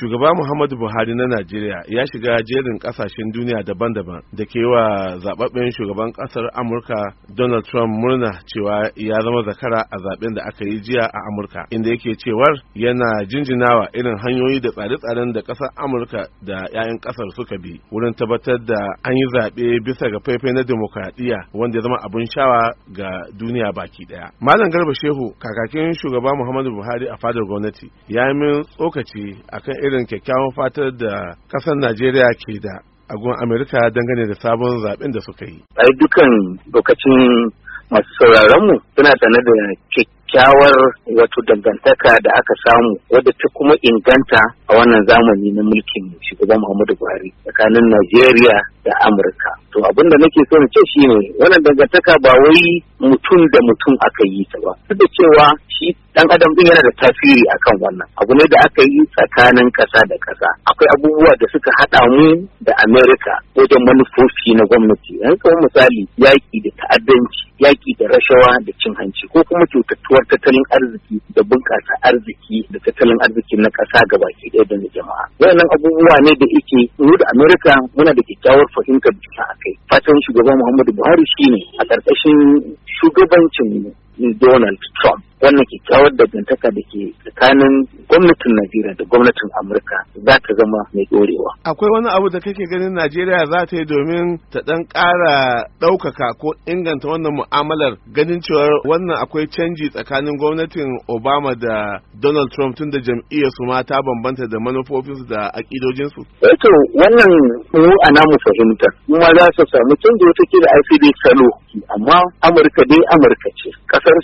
shugaba muhammadu buhari na najeriya ya shiga jerin kasashen duniya daban-daban da ke wa zababben shugaban kasar amurka donald trump murna cewa ya zama zakara a zaben da aka yi jiya a amurka inda yake cewar yana jinjinawa irin hanyoyi da tsare-tsaren da kasar amurka da 'ya'yan kasar suka bi wurin tabbatar da an yi zaɓe bisa ga faifai na demokradiyya wanda ya zama abin shawa ga duniya baki daya malam garba shehu kakakin shugaba muhammadu buhari a fadar gwamnati ya yi min tsokaci akan irin kyakkyawan fatar da kasar najeriya ke da agun amerika dangane da sabon zaben da suka yi ai dukan lokacin masu sauraronmu suna sanar da kyakkyawar wato dangantaka da aka samu wadda ta kuma inganta a wannan zamani na mulkin shugaba Muhammadu Buhari tsakanin Najeriya da Amurka. To abinda nake so na ce shine wannan dangantaka ba wai mutum da mutum aka yi ta ba duk cewa shi dan adam din yana da tasiri kan wannan abu ne da aka yi tsakanin ƙasa da ƙasa akwai abubuwa da suka haɗa mu da Amerika wajen manufofi na gwamnati yan kawo misali yaƙi da ta'addanci yaƙi da rashawa da cin hanci ko kuma cutattuwar tattalin arziki da bunƙasa arziki da tattalin arziki na ƙasa gabaki ɗaya da na jama'a wannan abubuwa ne da yake mu da Amerika muna da kyakkyawar fahimtar juna akai fatan shugaban Muhammadu Buhari ne a ƙarƙashin shugabancin Donald Trump. wannan kyakkyawar dangantaka da ke tsakanin gwamnatin Najeriya da gwamnatin Amurka za ta zama mai dorewa. Akwai wani abu da kake ganin Najeriya za ta yi domin ta dan ƙara ɗaukaka ko inganta wannan mu'amalar ganin cewa wannan akwai canji tsakanin gwamnatin Obama da Donald Trump tun da jam'iyyar su ma ta bambanta da manufofinsu da aƙidojinsu. Eto eh wannan mu a namu fahimtar kuma za su samu canji wata da ICD salo amma Amurka dai Amurka ce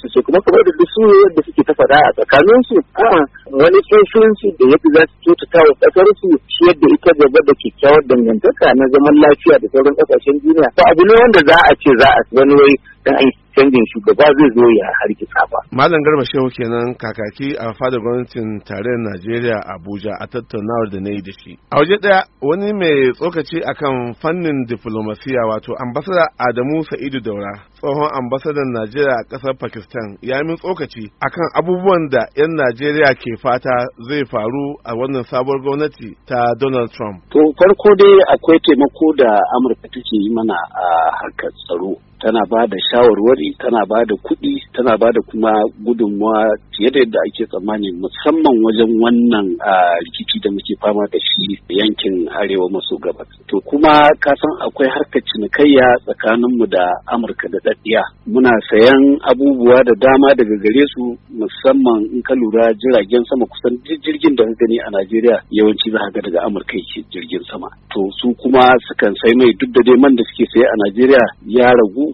su ce kuma kamar da su abubuwan da suke ta faɗa a tsakaninsu a'a wani tsofinsu da yadda za su kyautata wa ƙasarsu su shi yadda ita gaba da kyakkyawar dangantaka na zaman lafiya da sauran kasashen duniya ba abu ne wanda za a ce za a gani wai dan an canjin shugaba zai zo ya hargitsa ba. Malam Garba Shehu kenan kakaki a fadar gwamnatin tarayyar Najeriya Abuja a tattaunawar da na yi da shi. A waje ɗaya wani mai tsokaci akan fannin diflomasiya wato ambasada Adamu Sa'idu Daura tsohon ambasadan Najeriya a ƙasar Pakistan ya min tsokaci akan abubuwan da 'yan Najeriya ke fata zai faru a wannan sabuwar gwamnati ta Donald Trump? To farko dai akwai taimako da Amurka take yi mana a harkar tsaro. tana ba da shawarwari tana ba da kuɗi tana ba da kuma gudunmawa fiye da yadda ake tsammani musamman wajen wannan rikici da muke fama da shi yankin arewa maso gabas to kuma san akwai harkar cinikayya tsakaninmu da amurka da ɗaɗɗiya muna sayan abubuwa da dama daga gare su musamman in ka lura jiragen sama kusan jirgin da ka gani a najeriya yawanci za ga daga amurka yake jirgin sama to su kuma sukan sai mai duk da dai man da suke saye a najeriya ya ragu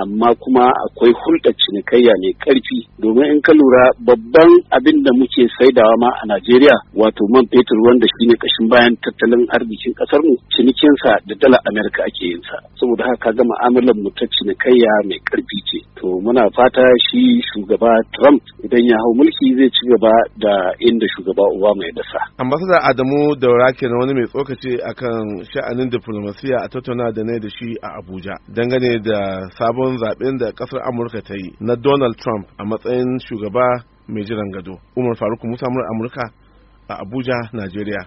amma kuma akwai hulɗa cinikayya mai ƙarfi domin in ka lura babban abin da muke saidawa ma a Najeriya wato man fetur wanda shine kashin bayan tattalin arzikin ƙasar mu cinikinsa da dala Amerika ake yin sa saboda haka ga mu'amalar mu ta cinikayya mai ƙarfi ce to muna fata shi shugaba Trump idan ya hau mulki zai ci gaba da inda shugaba Obama ya dasa ambassador Adamu Daura kenan wani mai tsokace akan sha'anin diplomasiya a tattauna da ne da shi a Abuja dangane da sabon sabon zaben da kasar amurka ta yi na donald trump a matsayin shugaba mai jiran gado umar faruk musa amurka a abuja najeriya